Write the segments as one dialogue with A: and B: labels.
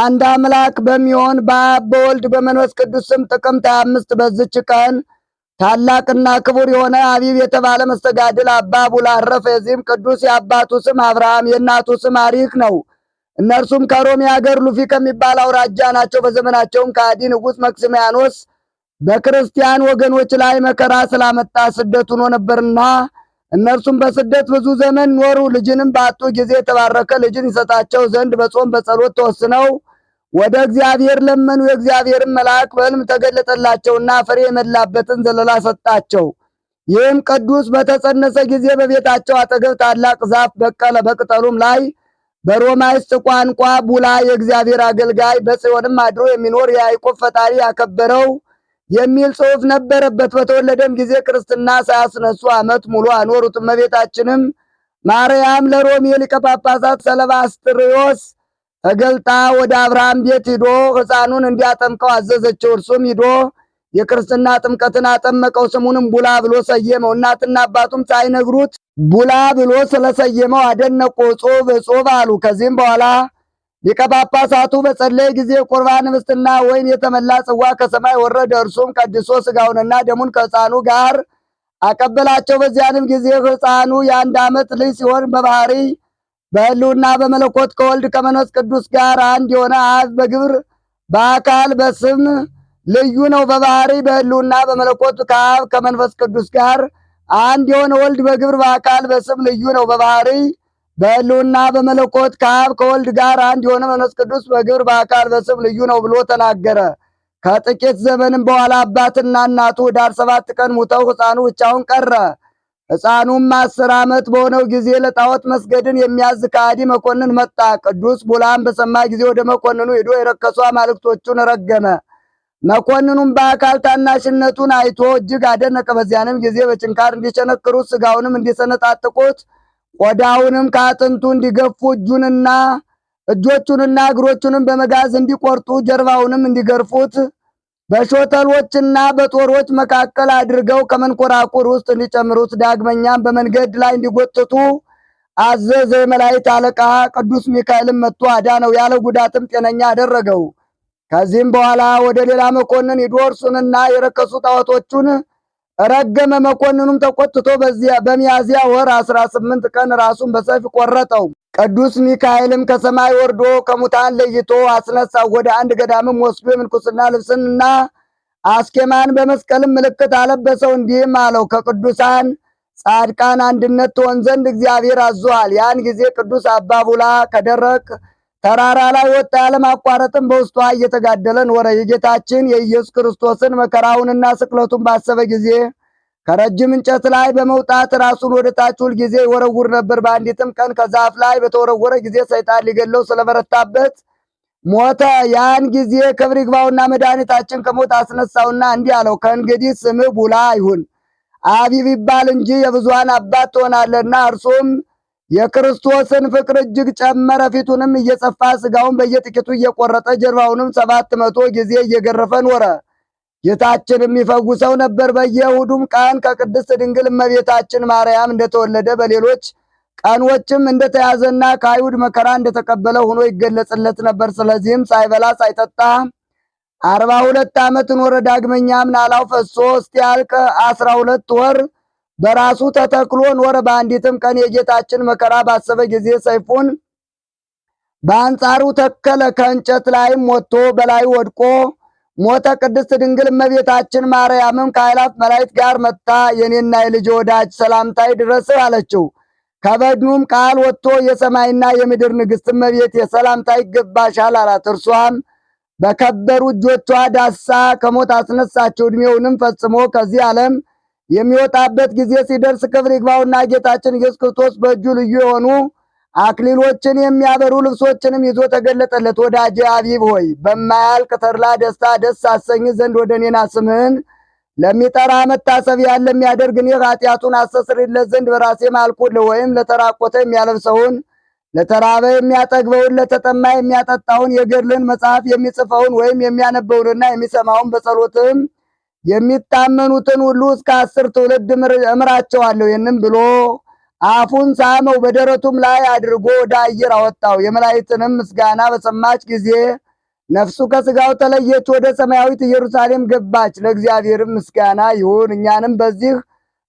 A: አንድ አምላክ በሚሆን በአብ በወልድ በመንፈስ ቅዱስ ስም ጥቅምት 25 በዝች ቀን ታላቅና ክቡር የሆነ አቢብ የተባለ መስተጋድል አባ ቡላ አረፈ። የዚህም ቅዱስ የአባቱ ስም አብርሃም የእናቱ ስም አሪክ ነው። እነርሱም ከሮሚ ሀገር ሉፊ ከሚባል አውራጃ ናቸው። በዘመናቸውም ከአዲ ንጉሥ መክስሚያኖስ በክርስቲያን ወገኖች ላይ መከራ ስላመጣ ስደት ሆኖ ነበርና እነርሱም በስደት ብዙ ዘመን ኖሩ። ልጅንም በአጡ ጊዜ የተባረከ ልጅን ይሰጣቸው ዘንድ በጾም በጸሎት ተወስነው ወደ እግዚአብሔር ለመኑ። የእግዚአብሔርን መልአክ በሕልም ተገለጠላቸውና ፍሬ የሞላበትን ዘለላ ሰጣቸው። ይህም ቅዱስ በተጸነሰ ጊዜ በቤታቸው አጠገብ ታላቅ ዛፍ በቀለ። በቅጠሉም ላይ በሮማይስጥ ቋንቋ ቡላ የእግዚአብሔር አገልጋይ በጽዮንም አድሮ የሚኖር የያዕቆብ ፈጣሪ ያከበረው የሚል ጽሑፍ ነበረበት። በተወለደም ጊዜ ክርስትና ሳያስነሱ ዓመት ሙሉ አኖሩት። እመቤታችንም ማርያም ለሮሜ ሊቀ ጳጳሳት ሰለባስጥሪዮስ እገልጣ ወደ አብርሃም ቤት ሂዶ ሕፃኑን እንዲያጠምቀው አዘዘችው። እርሱም ሂዶ የክርስትና ጥምቀትን አጠመቀው። ስሙንም ቡላ ብሎ ሰየመው። እናትና አባቱም ሳይነግሩት ቡላ ብሎ ስለሰየመው አደነቁ፣ እጹብ እጹብ አሉ። ከዚህም በኋላ ሊቀ ጳጳሳቱ በጸለየ ጊዜ ቁርባን ኅብስትና ወይን የተመላ ጽዋ ከሰማይ ወረደ። እርሱም ቀድሶ ሥጋውንና ደሙን ከሕፃኑ ጋር አቀበላቸው። በዚያንም ጊዜ ሕፃኑ የአንድ ዓመት ልጅ ሲሆን በባህሪ በህልውና በመለኮት ከወልድ ከመንፈስ ቅዱስ ጋር አንድ የሆነ አብ በግብር በአካል በስም ልዩ ነው። በባህሪ በህልውና በመለኮት ከአብ ከመንፈስ ቅዱስ ጋር አንድ የሆነ ወልድ በግብር በአካል በስም ልዩ ነው። በባህሪ በህልውና በመለኮት ከአብ ከወልድ ጋር አንድ የሆነ መንፈስ ቅዱስ በግብር በአካል በስም ልዩ ነው ብሎ ተናገረ። ከጥቂት ዘመንም በኋላ አባትና እናቱ ኅዳር ሰባት ቀን ሙተው ሕፃኑ ብቻውን ቀረ። ሕፃኑም አስር ዓመት በሆነው ጊዜ ለጣዖት መስገድን የሚያዝ ከሃዲ መኮንን መጣ። ቅዱስ ቡላን በሰማ ጊዜ ወደ መኮንኑ ሄዶ የረከሱ አማልክቶቹን ረገመ። መኮንኑም በአካል ታናሽነቱን አይቶ እጅግ አደነቀ። በዚያንም ጊዜ በጭንካር እንዲቸነክሩት፣ ስጋውንም እንዲሰነጣጥቁት፣ ቆዳውንም ከአጥንቱ እንዲገፉ፣ እጁንና እጆቹንና እግሮቹንም በመጋዝ እንዲቆርጡ፣ ጀርባውንም እንዲገርፉት በሾተሎችና በጦሮች መካከል አድርገው ከመንኮራኩር ውስጥ እንዲጨምሩት ዳግመኛም በመንገድ ላይ እንዲጎትቱ አዘዘ። የመላእክት አለቃ ቅዱስ ሚካኤልም መጥቶ አዳነው፣ ያለ ጉዳትም ጤነኛ አደረገው። ከዚህም በኋላ ወደ ሌላ መኮንን ሂዶ እርሱንና የረከሱ ጣዖቶቹን ረገመ። መኮንኑም ተቆጥቶ በዚያ በሚያዚያ ወር 18 ቀን ራሱን በሰይፍ ቆረጠው። ቅዱስ ሚካኤልም ከሰማይ ወርዶ ከሙታን ለይቶ አስነሳው። ወደ አንድ ገዳምም ወስዶ የምንኩስና ልብስንና አስኬማን በመስቀልም ምልክት አለበሰው። እንዲህም አለው ከቅዱሳን ጻድቃን አንድነት ትሆን ዘንድ እግዚአብሔር አዟል። ያን ጊዜ ቅዱስ አባ ቡላ ከደረቅ ተራራ ላይ ወጣ ያለማቋረጥም በውስጧ እየተጋደለ ወረ የጌታችን የኢየሱስ ክርስቶስን መከራውንና ስቅለቱን ባሰበ ጊዜ ከረጅም እንጨት ላይ በመውጣት ራሱን ወደ ታች ሁል ጊዜ ይወረውር ነበር። በአንዲትም ቀን ከዛፍ ላይ በተወረወረ ጊዜ ሰይጣን ሊገለው ስለበረታበት ሞተ። ያን ጊዜ ክብር ይግባውና መድኃኒታችን ከሞት አስነሳውና እንዲህ አለው፣ ከእንግዲህ ስምህ ቡላ ይሁን አቢብ ይባል እንጂ የብዙሃን አባት ትሆናለና እርሱም የክርስቶስን ፍቅር እጅግ ጨመረ። ፊቱንም እየጸፋ ስጋውን በየጥቂቱ እየቆረጠ ጀርባውንም ሰባት መቶ ጊዜ እየገረፈ ኖረ። ጌታችንም ይፈውሰው ነበር። በየእሁዱም ቀን ከቅድስት ድንግል እመቤታችን ማርያም እንደተወለደ በሌሎች ቀኖችም እንደተያዘና ከአይሁድ መከራ እንደተቀበለ ሆኖ ይገለጽለት ነበር። ስለዚህም ሳይበላ ሳይጠጣ አርባ ሁለት ዓመት ኖረ። ዳግመኛም ናላው ፈሶ እስኪያልቅ አስራ ሁለት ወር በራሱ ተተክሎ ኖረ። በአንዲትም ቀን የጌታችን መከራ ባሰበ ጊዜ ሰይፉን በአንጻሩ ተከለ። ከእንጨት ላይም ወጥቶ በላይ ወድቆ ሞተ። ቅድስት ድንግል እመቤታችን ማርያምም ከኃይላት መላእክት ጋር መጥታ የኔና የልጅ ወዳጅ ሰላምታ ድረስ አለችው። ከበድኑም ቃል ወጥቶ የሰማይና የምድር ንግሥት እመቤቴ የሰላምታ ይገባሻል አላት። እርሷም በከበሩ እጆቿ ዳሳ ከሞት አስነሳቸው። እድሜውንም ፈጽሞ ከዚህ ዓለም የሚወጣበት ጊዜ ሲደርስ ክብር ይግባውና ጌታችን ኢየሱስ ክርስቶስ በእጁ ልዩ የሆኑ አክሊሎችን የሚያበሩ ልብሶችንም ይዞ ተገለጠለት። ወዳጄ አቢብ ሆይ በማያልቅ ተድላ ደስታ ደስ አሰኝ ዘንድ ወደ እኔና ስምህን ለሚጠራ መታሰቢያን ለሚያደርግን ይህ ኃጢአቱን አስተስርለት ዘንድ በራሴ ማልኩል ወይም ለተራቆተ የሚያለብሰውን ለተራበ የሚያጠግበውን ለተጠማ የሚያጠጣውን የገድልን መጽሐፍ የሚጽፈውን ወይም የሚያነበውንና የሚሰማውን በጸሎትም የሚታመኑትን ሁሉ እስከ አስር ትውልድ እምራቸዋለሁ። ይህንም ብሎ አፉን ሳመው፣ በደረቱም ላይ አድርጎ ወደ አየር አወጣው። የመላእክትንም ምስጋና በሰማች ጊዜ ነፍሱ ከስጋው ተለየች፣ ወደ ሰማያዊት ኢየሩሳሌም ገባች። ለእግዚአብሔርም ምስጋና ይሁን፣ እኛንም በዚህ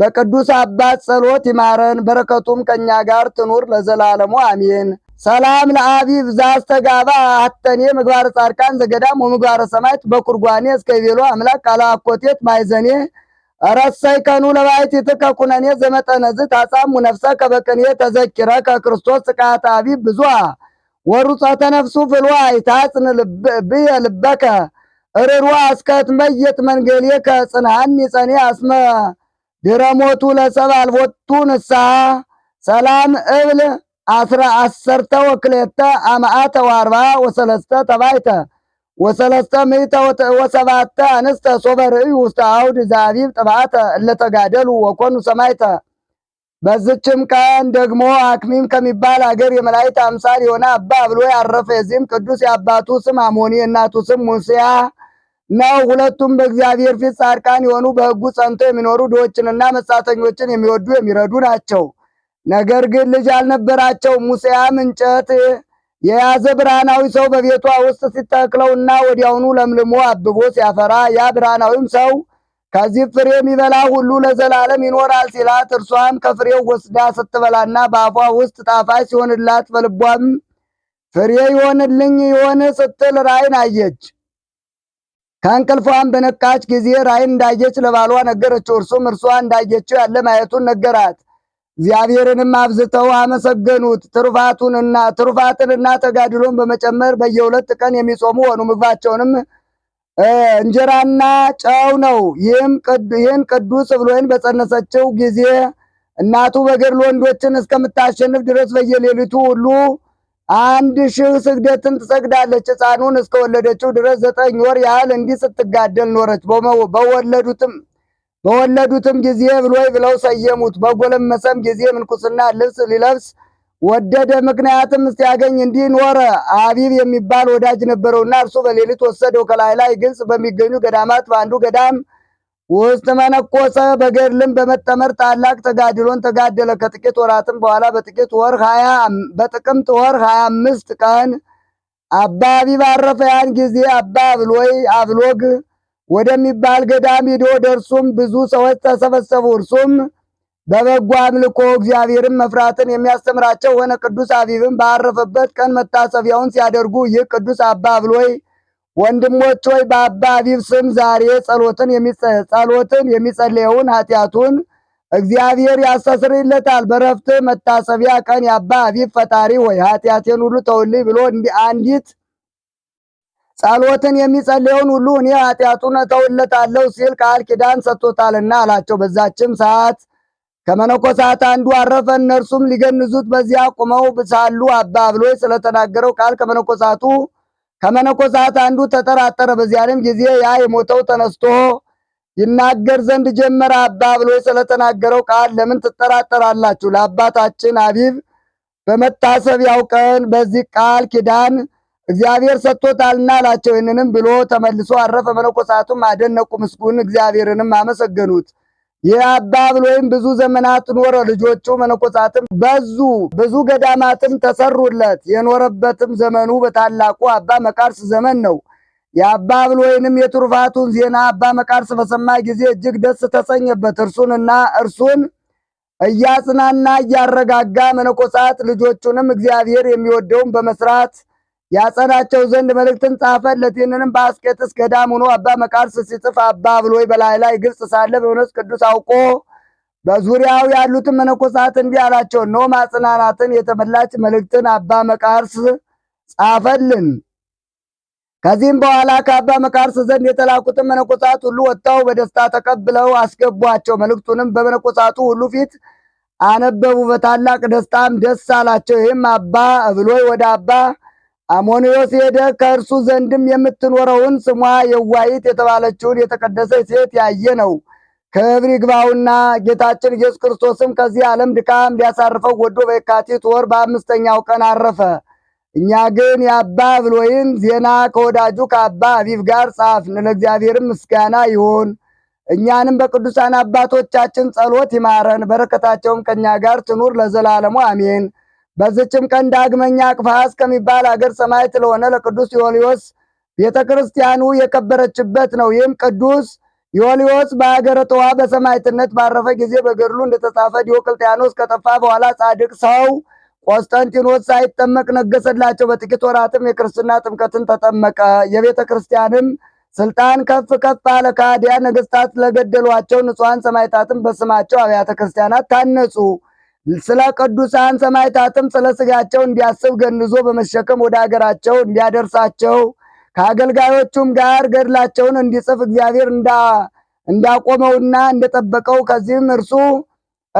A: በቅዱስ አባት ጸሎት ይማረን፣ በረከቱም ከእኛ ጋር ትኑር ለዘላለሙ አሜን። ሰላም ለአቢብ ዛስተጋባ አተኔ ምግባረ ጻድቃን ዘገዳም ወምግባረ ሰማይት በኩርጓኔ እስከ ቤሎ አምላክ ቃለ አኮቴት ማይዘኔ ረሳይ ከኑ ለባይት የተከኩነኔ ዘመጠነዝ ታጻሙ ነፍሰ ከበቅኔ ተዘኪረ ከክርስቶስ ጥቃት አቢብ ብዙ ወሩፀ ተነፍሱ ፍልዋ ይታጽን ብየ ልበከ እርሯ መየት መንገሌ ከጽንሃኒ ጸኔ አስመ ድረሞቱ ለሰብ አልቦቱ ንሳ ሰላም እብል አስራ አሰርተ ወክሌተ አማአተ ወአርባ ወሰለስተ ተባይተ ወሰለስተ ምዕተ ወሰባተ አንስተ ሶበ ርእዩ ውስተ አውድ ዛቢብ ጥባተ እለተጋደሉ ወኮኑ ሰማይተ። በዝችም ቀን ደግሞ አክሚም ከሚባል አገር የመላእክት አምሳል የሆነ አባ ብሎ ያረፈ። የዚህም ቅዱስ የአባቱ ስም አሞኒ የእናቱ ስም ሙስያ ነው። ሁለቱም በእግዚአብሔር ፊት ጻድቃን የሆኑ በሕጉ ጸንተው የሚኖሩ ድሆችንና መጻተኞችን የሚወዱ የሚረዱ ናቸው። ነገር ግን ልጅ አልነበራቸው። ሙሴያም እንጨት የያዘ ብርሃናዊ ሰው በቤቷ ውስጥ ሲተክለውና ወዲያውኑ ለምልሞ አብቦ ሲያፈራ ያ ብርሃናዊም ሰው ከዚህ ፍሬ የሚበላ ሁሉ ለዘላለም ይኖራል ሲላት፣ እርሷም ከፍሬው ወስዳ ስትበላና በአፏ ውስጥ ጣፋጭ ሲሆንላት በልቧም ፍሬ ይሆንልኝ ይሆን ስትል ራይን አየች። ከእንቅልፏን በነቃች ጊዜ ራይን እንዳየች ለባሏ ነገረችው። እርሱም እርሷ እንዳየችው ያለ ማየቱን ነገራት። እግዚአብሔርንም አብዝተው አመሰገኑት። ትሩፋቱንና ትሩፋትንና ተጋድሎን በመጨመር በየሁለት ቀን የሚጾሙ ሆኑ። ምግባቸውንም እንጀራና ጨው ነው። ይህን ቅዱስ እብሎይን በጸነሰችው ጊዜ እናቱ በገድል ወንዶችን እስከምታሸንፍ ድረስ በየሌሊቱ ሁሉ አንድ ሺህ ስግደትን ትሰግዳለች። ሕፃኑን እስከወለደችው ድረስ ዘጠኝ ወር ያህል እንዲህ ስትጋደል ኖረች። በወለዱትም በወለዱትም ጊዜ ብሎይ ብለው ሰየሙት። በጎለመሰም ጊዜ ምንኩስና ልብስ ሊለብስ ወደደ። ምክንያትም ሲያገኝ እንዲህ ኖረ። አቢብ የሚባል ወዳጅ ነበረውና እርሱ በሌሊት ወሰደው። ከላይ ላይ ግልጽ በሚገኙ ገዳማት በአንዱ ገዳም ውስጥ መነኮሰ። በገድልም በመጠመር ታላቅ ተጋድሎን ተጋደለ። ከጥቂት ወራትም በኋላ በጥቂት ወር በጥቅምት ወር ሀያ አምስት ቀን አባ አቢብ አረፈ። ያን ጊዜ አባ አብሎይ አብሎግ ወደሚባል ገዳም ሂዶ ደርሱም ብዙ ሰዎች ተሰበሰቡ። እርሱም በበጎ አምልኮ እግዚአብሔርን መፍራትን የሚያስተምራቸው ሆነ። ቅዱስ አቢብም ባረፈበት ቀን መታሰቢያውን ሲያደርጉ ይህ ቅዱስ አባ ብሎይ ወንድሞች ሆይ በአባ አቢብ ስም ዛሬ ጸሎትን የሚጸለየውን ኃጢአቱን እግዚአብሔር ያስተሰርይለታል። በረፍት መታሰቢያ ቀን የአባ አቢብ ፈጣሪ ሆይ ኃጢአቴን ሁሉ ተውልኝ ብሎ አንዲት ጸሎትን የሚጸልየውን ሁሉ እኔ ኃጢአቱን እተውለታለሁ ሲል ቃል ኪዳን ሰጥቶታልና አላቸው። በዛችም ሰዓት ከመነኮሳት አንዱ አረፈ። እነርሱም ሊገንዙት በዚያ ቁመው ሳሉ አባ ብሎይ ስለተናገረው ቃል ከመነኮሳቱ ከመነኮሳት አንዱ ተጠራጠረ። በዚያንም ጊዜ ያ የሞተው ተነስቶ ይናገር ዘንድ ጀመረ። አባ ብሎይ ስለተናገረው ቃል ለምን ትጠራጠራላችሁ? ለአባታችን አቢብ በመታሰቢያው ቀን በዚህ ቃል ኪዳን እግዚአብሔር ሰጥቶታልና አላቸው። ይህንንም ብሎ ተመልሶ አረፈ። መነኮሳቱም አደነቁ፣ ምስጉን እግዚአብሔርንም አመሰገኑት። የአባ ብሎይም ብዙ ዘመናት ኖረ። ልጆቹ መነኮሳትም በዙ፣ ብዙ ገዳማትም ተሰሩለት። የኖረበትም ዘመኑ በታላቁ አባ መቃርስ ዘመን ነው። የአባ ብሎይንም የትሩፋቱን ዜና አባ መቃርስ በሰማ ጊዜ እጅግ ደስ ተሰኘበት። እርሱንና እርሱን እያጽናና እያረጋጋ መነኮሳት ልጆቹንም እግዚአብሔር የሚወደውን በመስራት ያጸናቸው ዘንድ መልእክትን ጻፈለት። ይህንንም በአስቄጥስ ገዳም ሆኖ አባ መቃርስ ሲጽፍ አባ ብሎይ በላይ ላይ ግልጽ ሳለ በመንፈስ ቅዱስ አውቆ በዙሪያው ያሉትን መነኮሳት እንዲህ አላቸው፣ እነሆ ማጽናናትን የተመላች መልእክትን አባ መቃርስ ጻፈልን። ከዚህም በኋላ ከአባ መቃርስ ዘንድ የተላኩትን መነኮሳት ሁሉ ወጥተው በደስታ ተቀብለው አስገቧቸው። መልእክቱንም በመነኮሳቱ ሁሉ ፊት አነበቡ። በታላቅ ደስታም ደስ አላቸው። ይህም አባ ብሎይ ወደ አባ ሄደ። ከእርሱ ዘንድም የምትኖረውን ስሟ የዋይት የተባለችውን የተቀደሰች ሴት ያየ ነው። ክብር ይግባውና ጌታችን ኢየሱስ ክርስቶስም ከዚህ ዓለም ድካም ቢያሳርፈው ወዶ በየካቲት ወር በአምስተኛው ቀን አረፈ። እኛ ግን የአባ ብሎይን ዜና ከወዳጁ ከአባ አቢብ ጋር ጻፍን። ለእግዚአብሔርም ምስጋና ይሁን። እኛንም በቅዱሳን አባቶቻችን ጸሎት ይማረን፣ በረከታቸውም ከእኛ ጋር ትኑር ለዘላለሙ አሜን። በዚችም ቀን ዳግመኛ አቅፋስ ከሚባል አገር ሰማዕት ለሆነ ለቅዱስ ዮልዮስ ቤተ ክርስቲያኑ የከበረችበት ነው። ይህም ቅዱስ ዮልዮስ በአገረ ጠዋ በሰማዕትነት ባረፈ ጊዜ በገድሉ እንደተጻፈ ዲዮቅልጥያኖስ ከጠፋ በኋላ ጻድቅ ሰው ቆስጠንቲኖስ ሳይጠመቅ ነገሰላቸው። በጥቂት ወራትም የክርስትና ጥምቀትን ተጠመቀ። የቤተ ክርስቲያንም ስልጣን ከፍ ከፍ አለ። ከሃዲያን ለገደሏቸው ንጹሐን ሰማዕታትም በስማቸው አብያተ ክርስቲያናት ታነጹ። ስለ ቅዱሳን ሰማዕታትም ስለ ስጋቸው እንዲያስብ ገንዞ በመሸከም ወደ አገራቸው እንዲያደርሳቸው ከአገልጋዮቹም ጋር ገድላቸውን እንዲጽፍ እግዚአብሔር እንዳቆመውና እንደጠበቀው ከዚህም እርሱ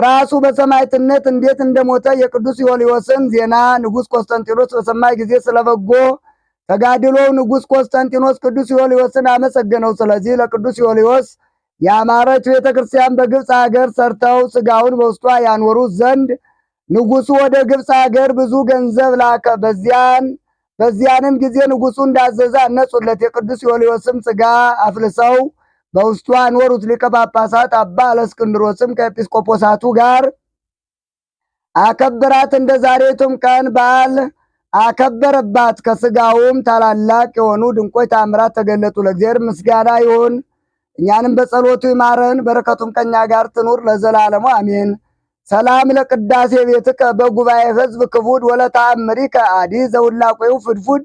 A: ራሱ በሰማዕትነት እንዴት እንደሞተ የቅዱስ ዮልዮስን ዜና ንጉሥ ቆስጠንጢኖስ በሰማ ጊዜ ስለበጎ ተጋድሎው ንጉሥ ቆስጠንጢኖስ ቅዱስ ዮልዮስን አመሰገነው። ስለዚህ ለቅዱስ ዮልዮስ ያማረች ቤተ ክርስቲያን በግብፅ ሀገር ሰርተው ስጋውን በውስጧ ያኖሩት ዘንድ ንጉሱ ወደ ግብፅ ሀገር ብዙ ገንዘብ ላከ። በዚያን በዚያንም ጊዜ ንጉሱ እንዳዘዘ አነጹለት። የቅዱስ ዮልዮስም ስጋ አፍልሰው በውስጡ አኖሩት። ሊቀ ጳጳሳት አባ አለስክንድሮስም ከኤጲስቆጶሳቱ ጋር አከበራት። እንደ ዛሬቱም ቀን በዓል አከበረባት። ከስጋውም ታላላቅ የሆኑ ድንቆች ታምራት ተገለጡ። ለእግዚአብሔር ምስጋና ይሁን። እኛንም በጸሎቱ ይማረን፣ በረከቱም ከኛ ጋር ትኑር ለዘላለሙ አሜን። ሰላም ለቅዳሴ ቤትከ በጉባኤ ሕዝብ ክቡድ ወለተአምሪከ አዲ ዘውላቆዩ ፍድፉድ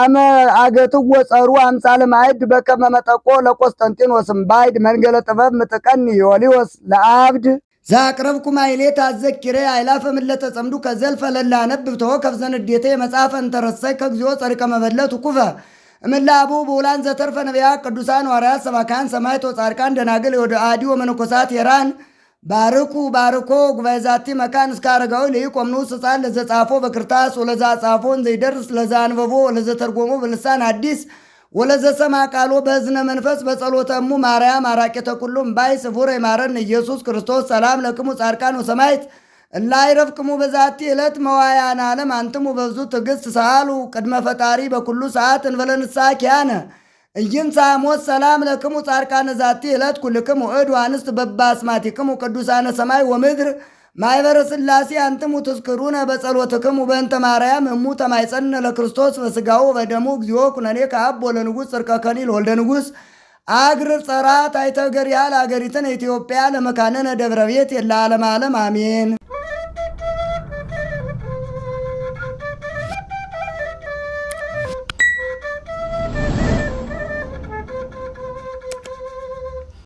A: አመ አገትዎ ወጸሩ አምሳለ ማዕድ በከመ መጠቆ ለቆስጠንጢኖስ እምባዕድ መንገለ ጥበብ ምጥቀን ዮሊዮስ ለአብድ ዛቅረብ ኩማይሌ ታዘኪሬ አይላፈ ምለተ ጸምዱ ከዘልፈ ለላ አነብብ ተወከፍ ዘንዴተ የመጽሐፈ እንተረሳይ ከግዚኦ ጸሪቀ መበለት ኩፈ እምላቡ በውላን ዘተርፈ ነቢያት ቅዱሳን ሐዋርያት ሰባካን ሰማዕት ወጻድቃን ደናግል ወደ አዲ ወመነኮሳት የራን ባርኩ ባርኮ ጉባኤ ዛቲ መካን እስከ አረጋዊ ለይቆምንኡስ ሕፃን ለዘጻፎ በክርታስ ወለዛ ጻፎን ዘይደርስ ለዛ አንበቦ ወለዘተርጎሞ በልሳን አዲስ ወለዘሰማ ቃሎ በእዝነ መንፈስ በጸሎተሙ ማርያም አራቄ ተኩሉም ባይ ስቡር የማረን ኢየሱስ ክርስቶስ ሰላም ለክሙ ጻድቃን ወሰማዕት እላ ይረፍቅሙ በዛቲ ዕለት መዋያነ ዓለም አንትሙ በብዙ ትዕግሥት ሳሉ ቅድመ ፈጣሪ በኩሉ ሰዓት እንበለ ንስሐ ኪያነ እይንሣ ሞት ሰላም ለክሙ ጻድቃነ ዛቲ ዕለት ኩልክሙ እድ አንስት በባስማቲክሙ ቅዱሳነ ሰማይ ወምድር ማይበረ ሥላሴ አንትሙ ትዝክሩነ በጸሎትክሙ በእንተ ማርያም እሙ ተማይጸነ ለክርስቶስ በስጋው በደሙ እግዚኦ ኩነኔ ከአብ ወለንጉሥ ጽርቀ ከሊል ወልደ ንጉሥ አግርር ጸራ ታይተገር ያህል አገሪትን ኢትዮጵያ ለመካነነ ደብረ ቤት የለ ዓለም ዓለም አሜን።